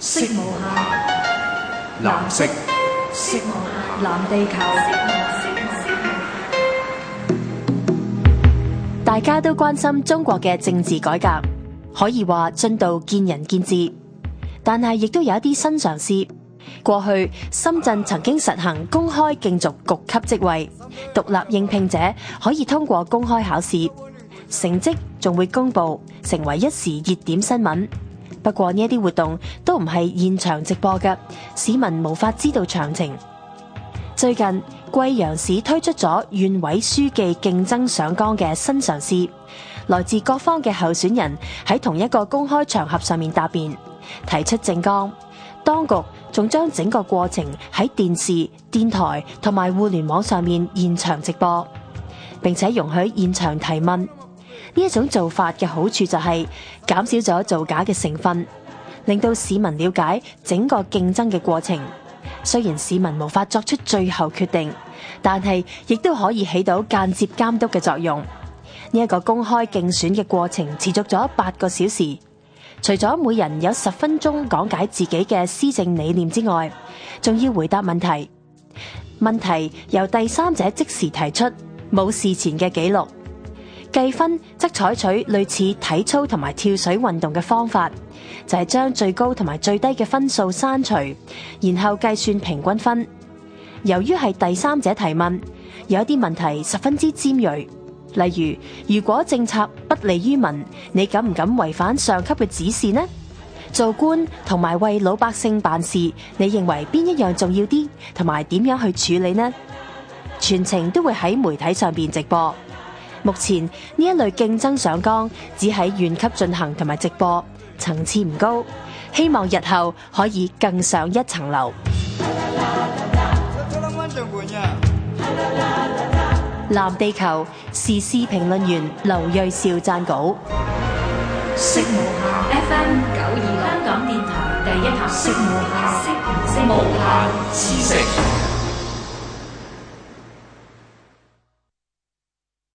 色無限，藍色。色無限，藍地球。大家都關心中國嘅政治改革，可以話進度見仁見智，但係亦都有一啲新嘗試。過去深圳曾經實行公開競逐局級職位，獨立應聘者可以通過公開考試，成績仲會公佈，成為一時熱點新聞。不過呢啲活動都唔係現場直播嘅，市民無法知道詳情。最近貴陽市推出咗縣委書記競爭上崗嘅新嘗試，來自各方嘅候選人喺同一個公開場合上面答辯，提出政綱。當局仲將整個過程喺電視、電台同埋互聯網上面現場直播，並且容許現場提問。呢一種做法嘅好處就係減少咗造假嘅成分，令到市民了解整個競爭嘅過程。雖然市民無法作出最後決定，但係亦都可以起到間接監督嘅作用。呢一個公開競選嘅過程持續咗八個小時，除咗每人有十分鐘講解自己嘅施政理念之外，仲要回答問題。問題由第三者即時提出，冇事前嘅記錄。計分則採取類似體操同埋跳水運動嘅方法，就係將最高同埋最低嘅分數刪除，然後計算平均分。由於係第三者提問，有一啲問題十分之尖銳，例如如果政策不利於民，你敢唔敢違反上級嘅指示呢？做官同埋為老百姓辦事，你認為邊一樣重要啲，同埋點樣去處理呢？全程都會喺媒體上邊直播。目前呢一類競爭上崗，只喺縣級進行同埋直播，層次唔高，希望日後可以更上一層樓。藍地球時事評論員劉銳紹撰稿。限 FM 92。」香港電台第一台限限